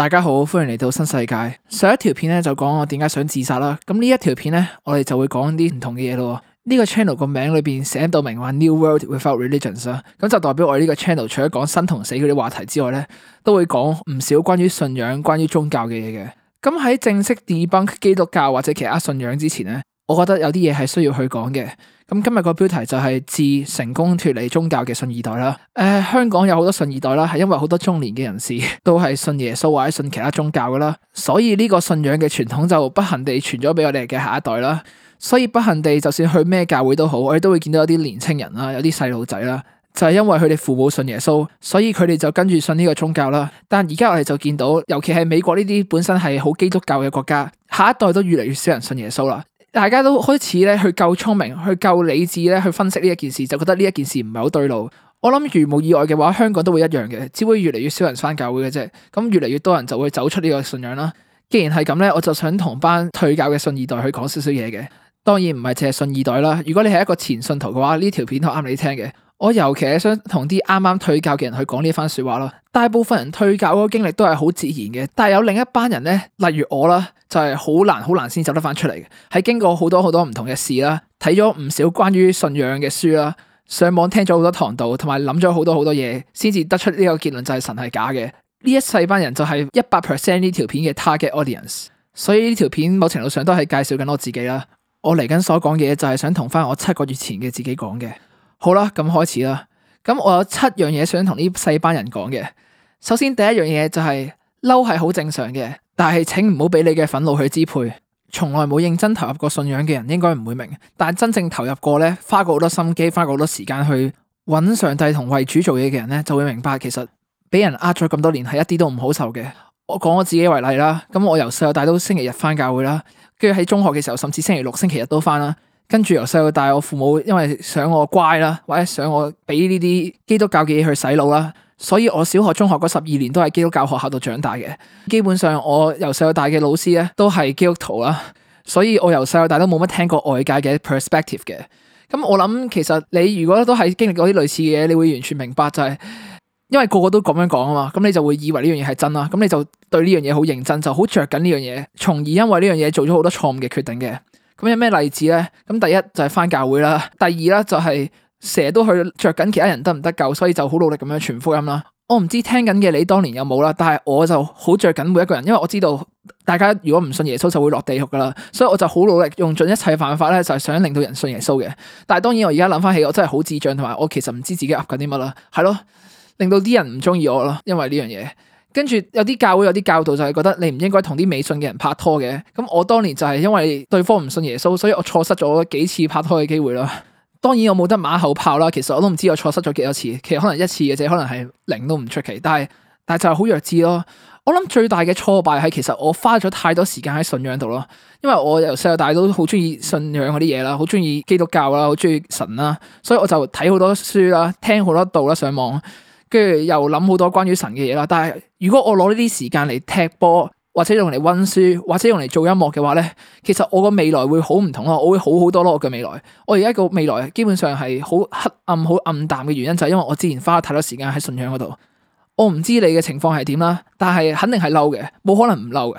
大家好，歡迎嚟到新世界。上一條片咧就講我點解想自殺啦。咁呢一條片咧，我哋就會講啲唔同嘅嘢咯。呢個 channel 個名裏邊寫到明話 new world without religions 啦。咁就代表我哋呢個 channel 除咗講生同死嗰啲話題之外咧，都會講唔少關於信仰、關於宗教嘅嘢嘅。咁喺正式 debunk 基督教或者其他信仰之前咧，我覺得有啲嘢係需要去講嘅。咁今日個標題就係致成功脫離宗教嘅信二代啦。誒、呃，香港有好多信二代啦，係因為好多中年嘅人士都係信耶穌或者信其他宗教噶啦，所以呢個信仰嘅傳統就不幸地傳咗俾我哋嘅下一代啦。所以不幸地，就算去咩教會都好，我哋都會見到有啲年青人啦，有啲細路仔啦，就係、是、因為佢哋父母信耶穌，所以佢哋就跟住信呢個宗教啦。但而家我哋就見到，尤其係美國呢啲本身係好基督教嘅國家，下一代都越嚟越少人信耶穌啦。大家都開始咧，去夠聰明，去夠理智咧，去分析呢一件事，就覺得呢一件事唔係好對路。我諗如無意外嘅話，香港都會一樣嘅，只會越嚟越少人返教會嘅啫。咁越嚟越多人就會走出呢個信仰啦。既然係咁咧，我就想同班退教嘅信二代去講少少嘢嘅。當然唔係淨係信二代啦。如果你係一個前信徒嘅話，呢條片都啱你聽嘅。我尤其係想同啲啱啱退教嘅人去講呢番說話咯。大部分人退教嗰個經歷都係好自然嘅，但係有另一班人咧，例如我啦，就係、是、好難好難先走得翻出嚟嘅。喺經過好多好多唔同嘅事啦，睇咗唔少關於信仰嘅書啦，上網聽咗好多堂道，同埋諗咗好多好多嘢，先至得出呢個結論就係神係假嘅。呢一細班人就係一百 percent 呢條片嘅 target audience，所以呢條片某程度上都係介紹緊我自己啦。我嚟緊所講嘅嘢就係想同翻我七個月前嘅自己講嘅。好啦，咁開始啦。咁我有七樣嘢想同呢細班人講嘅。首先第一樣嘢就係嬲係好正常嘅，但係請唔好俾你嘅憤怒去支配。從來冇認真投入過信仰嘅人應該唔會明，但係真正投入過咧，花過好多心機，花過好多時間去揾上帝同為主做嘢嘅人咧，就會明白其實俾人呃咗咁多年係一啲都唔好受嘅。我講我自己為例啦，咁我由細到大都星期日返教會啦，跟住喺中學嘅時候甚至星期六、星期日都返啦。跟住由細到大，我父母因為想我乖啦，或者想我俾呢啲基督教嘅嘢去洗腦啦，所以我小學、中學嗰十二年都係基督教學校度長大嘅。基本上我由細到大嘅老師咧都係基督徒啦，所以我由細到大都冇乜聽過外界嘅 perspective 嘅。咁我諗，其實你如果都係經歷過啲類似嘅嘢，你會完全明白就係因為個個都咁樣講啊嘛，咁你就會以為呢樣嘢係真啦，咁你就對呢樣嘢好認真，就好着緊呢樣嘢，從而因為呢樣嘢做咗好多錯誤嘅決定嘅。咁有咩例子咧？咁第一就係翻教會啦，第二咧就係成日都去着緊其他人得唔得救，所以就好努力咁樣傳福音啦。我唔知聽緊嘅你當年有冇啦，但係我就好着緊每一個人，因為我知道大家如果唔信耶穌就會落地獄噶啦，所以我就好努力用盡一切辦法咧，就係想令到人信耶穌嘅。但係當然我而家諗翻起，我真係好智障同埋，我其實唔知自己噏緊啲乜啦，係咯，令到啲人唔中意我咯，因為呢樣嘢。跟住有啲教會有啲教導就係覺得你唔應該同啲未信嘅人拍拖嘅，咁我當年就係因為對方唔信耶穌，所以我錯失咗幾次拍拖嘅機會咯。當然有冇得馬後炮啦，其實我都唔知我錯失咗幾多次，其實可能一次嘅啫，可能係零都唔出奇。但係但係就係好弱智咯。我諗最大嘅挫敗係其實我花咗太多時間喺信仰度咯，因為我由細到大都好中意信仰嗰啲嘢啦，好中意基督教啦，好中意神啦，所以我就睇好多書啦，聽好多道啦，上網。跟住又諗好多關於神嘅嘢啦，但係如果我攞呢啲時間嚟踢波，或者用嚟溫書，或者用嚟做音樂嘅話咧，其實我個未來會好唔同咯，我會好好多咯。我嘅未來，我而家個未來基本上係好黑暗、好暗淡嘅原因就係因為我之前花太多時間喺信仰嗰度。我唔知你嘅情況係點啦，但係肯定係嬲嘅，冇可能唔嬲嘅。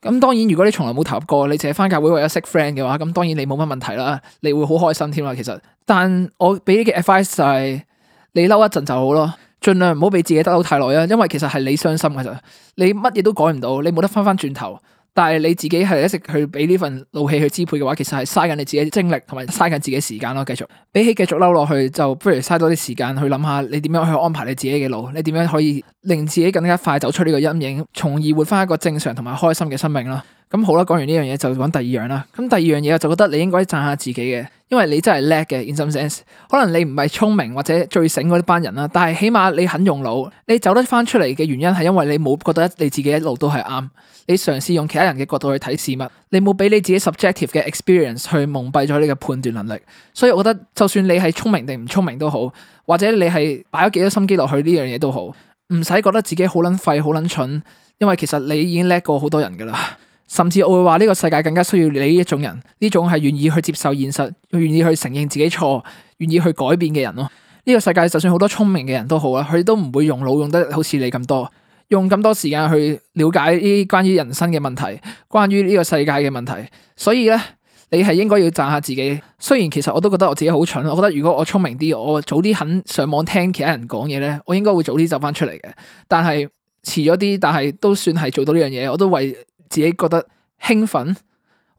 咁當然，如果你從來冇投入過，你淨係翻教會為咗識 friend 嘅話，咁當然你冇乜問題啦，你會好開心添啦。其實，但我俾你嘅 advice 就係、是、你嬲一陣就好咯。盡量唔好俾自己得到太耐啊，因為其實係你傷心嘅咋，你乜嘢都改唔到，你冇得翻翻轉頭。但係你自己係一直去俾呢份怒氣去支配嘅話，其實係嘥緊你自己精力同埋嘥緊自己時間咯。繼續比起繼續嬲落去，就不如嘥多啲時間去諗下你點樣去安排你自己嘅路，你點樣可以令自己更加快走出呢個陰影，從而活翻一個正常同埋開心嘅生命咯。咁好啦，講完呢樣嘢就揾第二樣啦。咁第二樣嘢我就覺得你應該讚下自己嘅，因為你真係叻嘅。In some sense，可能你唔係聰明或者最醒嗰班人啦，但係起碼你肯用腦，你走得翻出嚟嘅原因係因為你冇覺得你自己一路都係啱。你嘗試用其他人嘅角度去睇事物，你冇俾你自己 subjective 嘅 experience 去蒙蔽咗你嘅判斷能力。所以我覺得就算你係聰明定唔聰明都好，或者你係擺咗幾多心機落去呢樣嘢都好，唔使覺得自己好撚廢好撚蠢，因為其實你已經叻過好多人噶啦。甚至我會話呢個世界更加需要你呢一種人，呢種係願意去接受現實，願意去承認自己錯，願意去改變嘅人咯。呢個世界就算好多聰明嘅人都好啊，佢都唔會用腦用得好似你咁多，用咁多時間去了解呢啲關於人生嘅問題，關於呢個世界嘅問題。所以咧，你係應該要讚下自己。雖然其實我都覺得我自己好蠢，我覺得如果我聰明啲，我早啲肯上網聽其他人講嘢咧，我應該會早啲走翻出嚟嘅。但係遲咗啲，但係都算係做到呢樣嘢，我都為自己覺得興奮，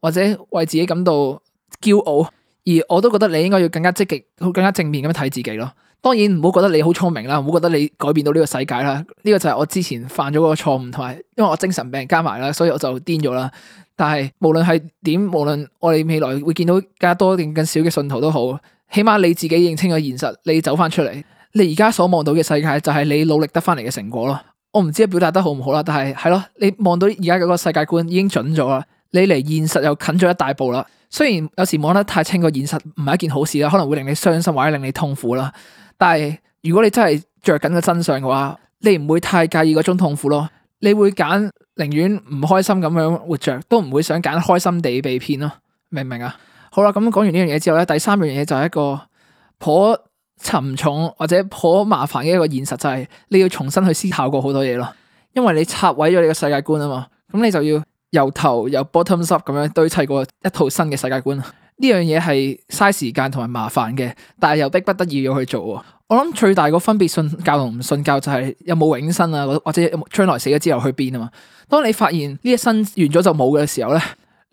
或者為自己感到驕傲，而我都覺得你應該要更加積極，更加正面咁樣睇自己咯。當然唔好覺得你好聰明啦，唔好覺得你改變到呢個世界啦。呢、這個就係我之前犯咗個錯誤，同埋因為我精神病加埋啦，所以我就癲咗啦。但係無論係點，無論我哋未來會見到加多定更少嘅信徒都好，起碼你自己認清咗現實，你走翻出嚟，你而家所望到嘅世界就係你努力得翻嚟嘅成果咯。我唔知表達得好唔好啦，但係係咯，你望到而家嗰個世界觀已經準咗啦，你離現實又近咗一大步啦。雖然有時望得太清個現實唔係一件好事啦，可能會令你傷心或者令你痛苦啦。但係如果你真係着緊個真相嘅話，你唔會太介意嗰種痛苦咯。你會揀寧願唔開心咁樣活着，都唔會想揀開心地被騙咯。明唔明啊？好啦，咁講完呢樣嘢之後咧，第三樣嘢就係一個頗。沉重或者頗麻煩嘅一個現實就係你要重新去思考過好多嘢咯，因為你拆毀咗你嘅世界觀啊嘛，咁你就要由頭由 bottoms up 咁樣堆砌過一套新嘅世界觀。呢樣嘢係嘥時間同埋麻煩嘅，但係又逼不得已要去做啊。我諗最大個分別信教同唔信教就係有冇永生啊，或者將來死咗之後去邊啊嘛。當你發現呢一生完咗就冇嘅時候咧。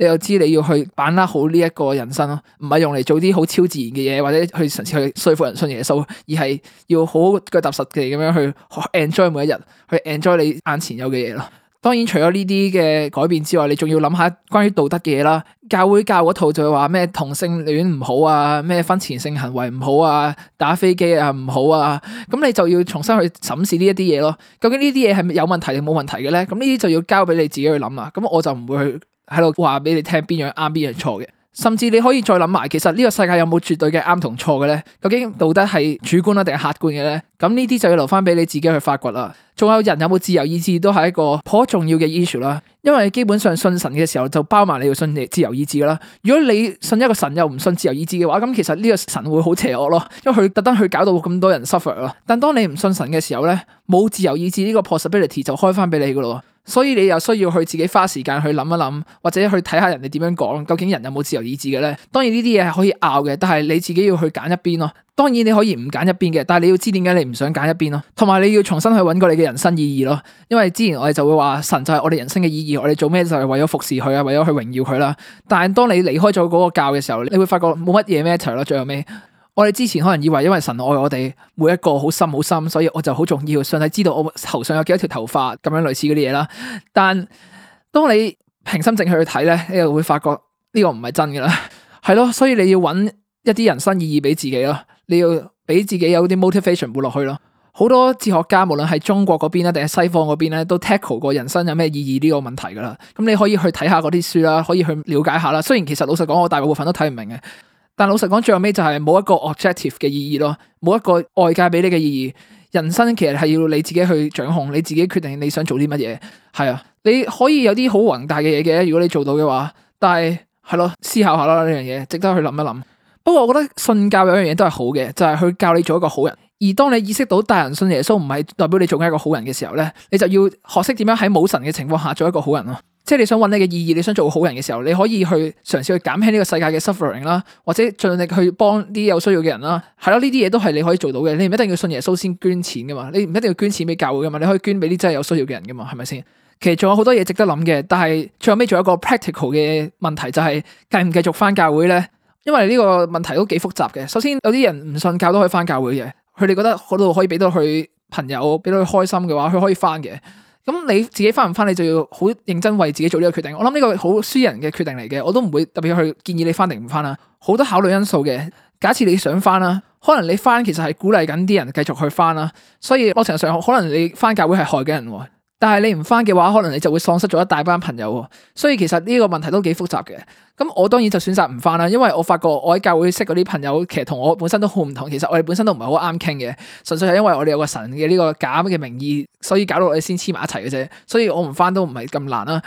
你又知你要去把握好呢一個人生咯，唔係用嚟做啲好超自然嘅嘢，或者去嘗試去說服人信耶穌，而係要好好腳踏實地咁樣去 enjoy 每一日，去 enjoy 你眼前有嘅嘢咯。當然，除咗呢啲嘅改變之外，你仲要諗下關於道德嘅嘢啦。教會教嗰套就話咩同性戀唔好啊，咩婚前性行為唔好啊，打飛機啊唔好啊，咁你就要重新去審視呢一啲嘢咯。究竟呢啲嘢係咪有問題定冇問題嘅咧？咁呢啲就要交俾你自己去諗啊。咁我就唔會去。喺度話俾你聽邊樣啱邊樣錯嘅，甚至你可以再諗埋，其實呢個世界有冇絕對嘅啱同錯嘅咧？究竟道德係主觀呀定係客觀嘅咧？咁呢啲就要留翻俾你自己去發掘啦。仲有人有冇自由意志都係一個頗重要嘅 issue 啦。因為基本上信神嘅時候就包埋你要信自由意志㗎啦。如果你信一個神又唔信自由意志嘅話，咁其實呢個神會好邪惡咯，因為佢特登去搞到咁多人 suffer 咯。但當你唔信神嘅時候咧，冇自由意志呢個 possibility 就開翻俾你噶咯。所以你又需要去自己花時間去諗一諗，或者去睇下人哋點樣講，究竟人有冇自由意志嘅咧？當然呢啲嘢係可以拗嘅，但係你自己要去揀一邊咯。當然你可以唔揀一邊嘅，但係你要知點解你唔想揀一邊咯，同埋你要重新去揾過你嘅人生意義咯。因為之前我哋就會話神就係我哋人生嘅意義，我哋做咩就係為咗服侍佢啊，為咗去榮耀佢啦。但係當你離開咗嗰個教嘅時候，你會發覺冇乜嘢 matter 咯，最後尾。我哋之前可能以為，因為神愛我哋每一個好深好深，所以我就好重要，上帝知道我頭上有幾多條頭髮，咁樣類似嗰啲嘢啦。但當你平心靜氣去睇咧，你又會發覺呢個唔係真噶啦，係 咯。所以你要揾一啲人生意義俾自己咯，你要俾自己有啲 motivation 活落去咯。好多哲學家，無論係中國嗰邊啦，定係西方嗰邊咧，都 tackle 過人生有咩意義呢個問題噶啦。咁你可以去睇下嗰啲書啦，可以去了解下啦。雖然其實老實講，我大部分都睇唔明嘅。但老實講，最後尾就係冇一個 objective 嘅意義咯，冇一個外界俾你嘅意義。人生其實係要你自己去掌控，你自己決定你想做啲乜嘢。係啊，你可以有啲好宏大嘅嘢嘅，如果你做到嘅話。但係係咯，思考下啦呢樣嘢，值得去諗一諗。不過我覺得信教有樣嘢都係好嘅，就係去教你做一個好人。而當你意識到大人信耶穌唔係代表你做緊一個好人嘅時候咧，你就要學識點樣喺冇神嘅情況下做一個好人咯。即係你想搵你嘅意義，你想做好人嘅時候，你可以去嘗試去減輕呢個世界嘅 suffering 啦，或者盡力去幫啲有需要嘅人啦，係咯，呢啲嘢都係你可以做到嘅。你唔一定要信耶穌先捐錢㗎嘛，你唔一定要捐錢俾教會㗎嘛，你可以捐俾啲真係有需要嘅人㗎嘛，係咪先？其實仲有好多嘢值得諗嘅，但係最後尾仲有一個 practical 嘅問題，就係，就係繼唔繼續返教會咧？因為呢個問題都幾複雜嘅。首先有啲人唔信教都可以返教會嘅。佢哋覺得嗰度可以俾到佢朋友，俾到佢開心嘅話，佢可以翻嘅。咁你自己翻唔翻，你就要好認真為自己做呢個決定。我諗呢個好私人嘅決定嚟嘅，我都唔會特別去建議你翻定唔翻啦。好多考慮因素嘅。假設你想翻啦、啊，可能你翻其實係鼓勵緊啲人繼續去翻啦、啊。所以我成日想，可能你翻教會係害緊人喎、啊。但係你唔返嘅話，可能你就會喪失咗一大班朋友喎、哦。所以其實呢個問題都幾複雜嘅。咁我當然就選擇唔返啦，因為我發覺我喺教會識嗰啲朋友，其實同我本身都好唔同。其實我哋本身都唔係好啱傾嘅，純粹係因為我哋有個神嘅呢個假嘅名義，所以搞到我哋先黐埋一齊嘅啫。所以我唔返都唔係咁難啦、啊。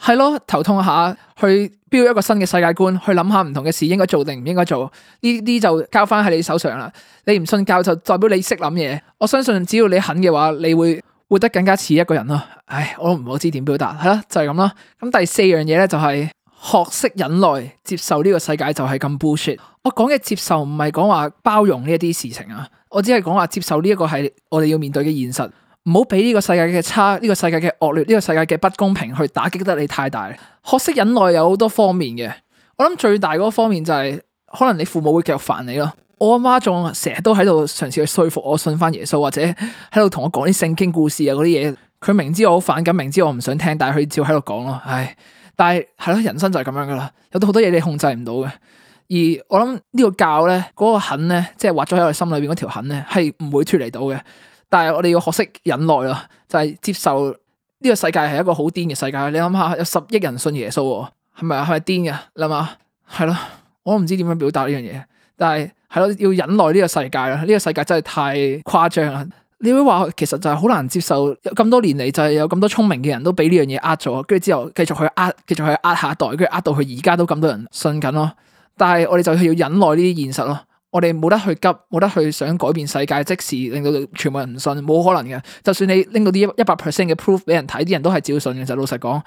係咯，頭痛下，去標一個新嘅世界觀，去諗下唔同嘅事應該做定唔應該做。呢啲就交返喺你手上啦。你唔信教就代表你識諗嘢。我相信只要你肯嘅話，你會活得更加似一個人咯，唉，我都唔好知點表達，係啦，就係咁啦。咁第四樣嘢咧就係學識忍耐，接受呢個世界就係咁 bullshit。我講嘅接受唔係講話包容呢一啲事情啊，我只係講話接受呢一個係我哋要面對嘅現實，唔好俾呢個世界嘅差，呢個世界嘅惡劣，呢個世界嘅不公平去打擊得你太大。學識忍耐有好多方面嘅，我諗最大嗰個方面就係可能你父母會繼續煩你咯。我阿媽仲成日都喺度嘗試去說服我信翻耶穌，或者喺度同我講啲聖經故事啊嗰啲嘢。佢明知我好反感，明知我唔想聽，但係佢照喺度講咯。唉，但係係咯，人生就係咁樣噶啦，有咗好多嘢你控制唔到嘅。而我諗呢個教咧，嗰、嗰個恨咧，即係挖咗喺我心裏邊嗰條恨咧，係唔會脫離到嘅。但係我哋要學識忍耐咯，就係、是、接受呢個世界係一個好癲嘅世界。你諗下，有十億人信耶穌，係咪係咪癲噶？諗下，係咯，我都唔知點樣表達呢樣嘢。但係係咯，要忍耐呢個世界啦，呢個世界真係太誇張啦。你會話其實就係好難接受，咁多年嚟就係有咁多聰明嘅人都俾呢樣嘢呃咗，跟住之後繼續去呃，繼續去呃下一代，跟住呃到佢而家都咁多人信緊咯。但係我哋就係要忍耐呢啲現實咯，我哋冇得去急，冇得去想改變世界，即時令到全部人唔信，冇可能嘅。就算你拎到啲一一百 percent 嘅 proof 俾人睇，啲人都係照信。其實老實講，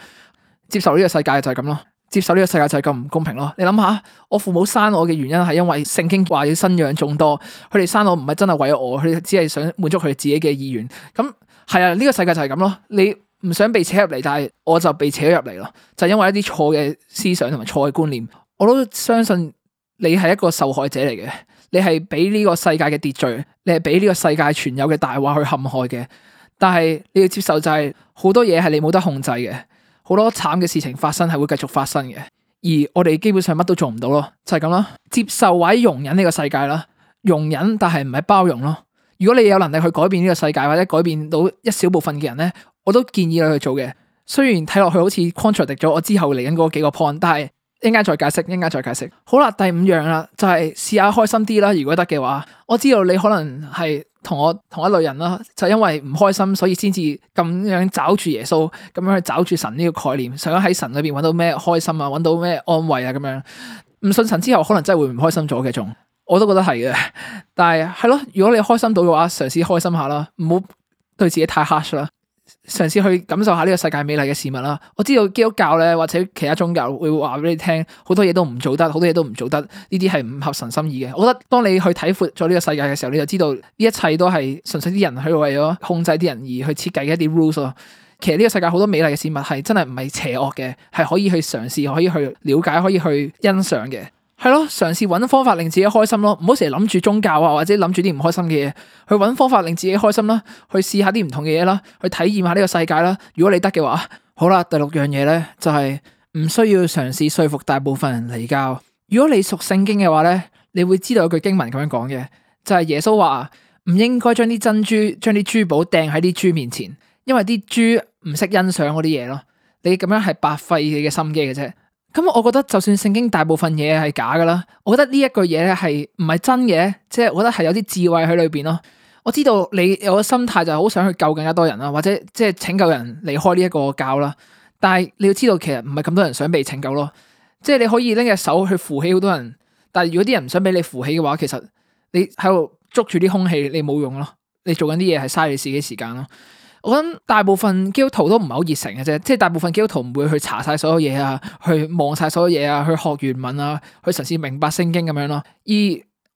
接受呢個世界就係咁咯。接受呢個世界就係咁唔公平咯。你諗下，我父母生我嘅原因係因為聖經話要生養眾多，佢哋生我唔係真係為咗我，佢哋只係想滿足佢哋自己嘅意願。咁係啊，呢、這個世界就係咁咯。你唔想被扯入嚟，但係我就被扯入嚟咯。就係、是、因為一啲錯嘅思想同埋錯嘅觀念。我都相信你係一個受害者嚟嘅，你係俾呢個世界嘅秩序，你係俾呢個世界存有嘅大話去陷害嘅。但係你要接受、就是，就係好多嘢係你冇得控制嘅。好多慘嘅事情發生係會繼續發生嘅，而我哋基本上乜都做唔到咯，就係咁啦，接受或容忍呢個世界啦，容忍但係唔係包容咯。如果你有能力去改變呢個世界或者改變到一小部分嘅人咧，我都建議你去做嘅。雖然睇落去好似 contradict 咗我之後嚟緊嗰幾個 point，但係一陣間再解釋，一陣間再解釋。好啦，第五樣啦，就係、是、試下開心啲啦。如果得嘅話，我知道你可能係。同我同一類人啦，就是、因為唔開心，所以先至咁樣找住耶穌，咁樣去找住神呢個概念，想喺神裏邊揾到咩開心啊，揾到咩安慰啊咁樣。唔信神之後，可能真係會唔開心咗嘅，仲，我都覺得係嘅。但係係咯，如果你開心到嘅話，嘗試開心下啦，唔好對自己太 harsh 啦。嘗試去感受下呢個世界美麗嘅事物啦。我知道基督教呢或者其他宗教會話俾你聽，好多嘢都唔做得，好多嘢都唔做得，呢啲係唔合神心意嘅。我覺得當你去睇闊咗呢個世界嘅時候，你就知道呢一切都係純粹啲人去為咗控制啲人而去設計一啲 rules 咯。其實呢個世界好多美麗嘅事物係真係唔係邪惡嘅，係可以去嘗試，可以去了解，可以去欣賞嘅。係咯，嘗試揾方法令自己開心咯，唔好成日諗住宗教啊，或者諗住啲唔開心嘅嘢，去揾方法令自己開心啦、啊，去試下啲唔同嘅嘢啦，去體驗下呢個世界啦、啊。如果你得嘅話，好啦，第六樣嘢咧就係、是、唔需要嘗試說服大部分人離教。如果你熟聖經嘅話咧，你會知道一句經文咁樣講嘅，就係、是、耶穌話唔應該將啲珍珠、將啲珠寶掟喺啲豬面前，因為啲豬唔識欣賞嗰啲嘢咯。你咁樣係白費你嘅心機嘅啫。咁，我覺得就算聖經大部分嘢係假噶啦，我覺得呢一個嘢、呢一句嘢咧係唔係真嘅，即係我覺得係有啲智慧喺裏邊咯。我知道你有個心態就係好想去救更加多人啦，或者即係拯救人離開呢一個教啦。但係你要知道，其實唔係咁多人想被拯救咯。即係你可以拎隻手去扶起好多人，但係如果啲人唔想俾你扶起嘅話，其實你喺度捉住啲空氣，你冇用咯。你做緊啲嘢係嘥你自己時間咯。我諗大部分基督徒都唔係好熱誠嘅啫，即係大部分基督徒唔會去查晒所有嘢啊，去望晒所有嘢啊，去學原文啊，去嘗試明白聖經咁樣咯。而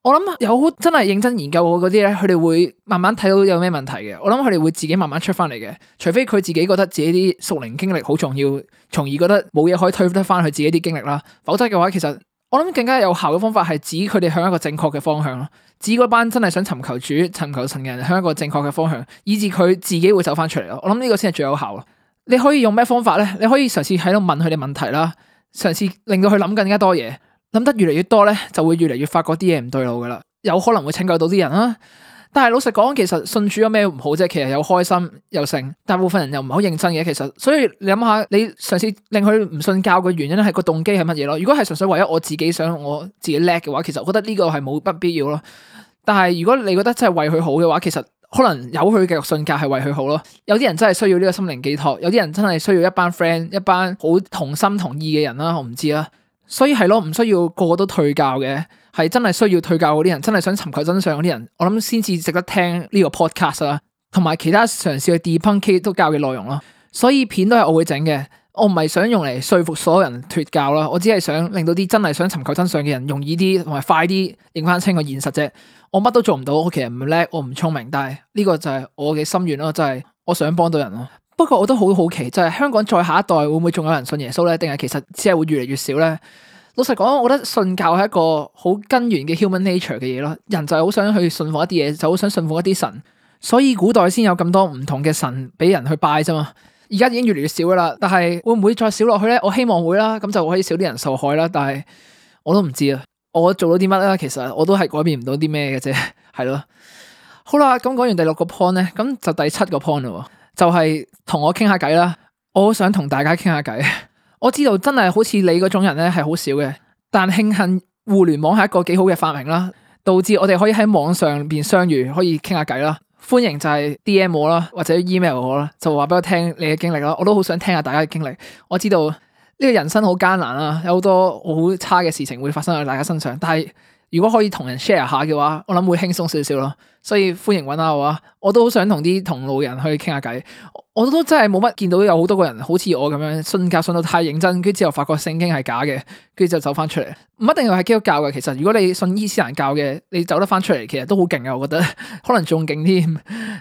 我諗有真係認真研究過嗰啲咧，佢哋會慢慢睇到有咩問題嘅。我諗佢哋會自己慢慢出翻嚟嘅，除非佢自己覺得自己啲屬靈經歷好重要，從而覺得冇嘢可以推得翻佢自己啲經歷啦。否則嘅話，其實。我諗更加有效嘅方法係指佢哋向一個正確嘅方向咯，指嗰班真係想尋求主、尋求神嘅人向一個正確嘅方向，以至佢自己會走翻出嚟咯。我諗呢個先係最有效。你可以用咩方法咧？你可以嘗試喺度問佢哋問題啦，嘗試令到佢諗更加多嘢，諗得越嚟越多咧，就會越嚟越發覺啲嘢唔對路噶啦，有可能會拯救到啲人啦、啊。但係老實講，其實信主有咩唔好啫？其實有開心又勝，大部分人又唔係好認真嘅。其實，所以你諗下，你嘗試令佢唔信教嘅原因係個動機係乜嘢咯？如果係純粹為咗我自己想我自己叻嘅話，其實我覺得呢個係冇乜必要咯。但係如果你覺得真係為佢好嘅話，其實可能有佢嘅信教係為佢好咯。有啲人真係需要呢個心靈寄託，有啲人真係需要一班 friend 一班好同心同意嘅人啦。我唔知啦。所以係咯，唔需要個個都退教嘅，係真係需要退教嗰啲人，真係想尋求真相嗰啲人，我諗先至值得聽呢個 podcast 啦，同埋其他嘗試嘅 debunking 都教嘅內容咯。所以片都係我會整嘅，我唔係想用嚟說服所有人脫教啦，我只係想令到啲真係想尋求真相嘅人容易啲同埋快啲認翻清個現實啫。我乜都做唔到，我其實唔叻，我唔聰明，但係呢個就係我嘅心願咯，就係我想幫到人咯。不過我都好好奇，就係香港再下一代會唔會仲有人信耶穌咧？定係其實只係會越嚟越少咧？老實講，我覺得信教係一個好根源嘅 human nature 嘅嘢咯。人就係好想去信奉一啲嘢，就好想信奉一啲神。所以古代先有咁多唔同嘅神俾人去拜啫嘛。而家已經越嚟越少噶啦，但係會唔會再少落去咧？我希望會啦，咁就可以少啲人受害啦。但係我都唔知啊。我做到啲乜咧？其實我都係改變唔到啲咩嘅啫，係 咯。好啦，咁講完第六個 point 咧，咁就第七個 point 啦。就係同我傾下偈啦，我好想同大家傾下偈。 我知道真係好似你嗰種人咧，係好少嘅。但慶幸互聯網係一個幾好嘅發明啦，導致我哋可以喺網上邊相遇，可以傾下偈啦。 歡迎就係 DM 我啦，或者 email 我啦，就話俾我聽你嘅經歷啦。我都好想聽下大家嘅經歷。我，歷 我知道呢個人生好艱難啦，有好多好差嘅事情會發生喺大家身上，但係，如果可以同人 share 下嘅話，我諗會輕鬆少少咯，所以歡迎揾下我啊！我都好想同啲同路人去傾下偈，我都真係冇乜見到有好多個人好似我咁樣信教信到太認真，跟住之後發覺聖經係假嘅，跟住就走翻出嚟，唔一定要係基督教嘅。其實如果你信伊斯蘭教嘅，你走得翻出嚟，其實都好勁啊！我覺得可能仲勁添，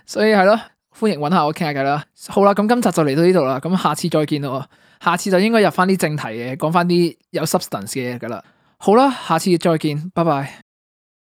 所以係咯，歡迎揾下我傾下偈啦。好啦，咁今集就嚟到呢度啦，咁下次再見咯。下次就應該入翻啲正題嘅，講翻啲有 substance 嘅嘢噶啦。好啦，下次再見，拜拜。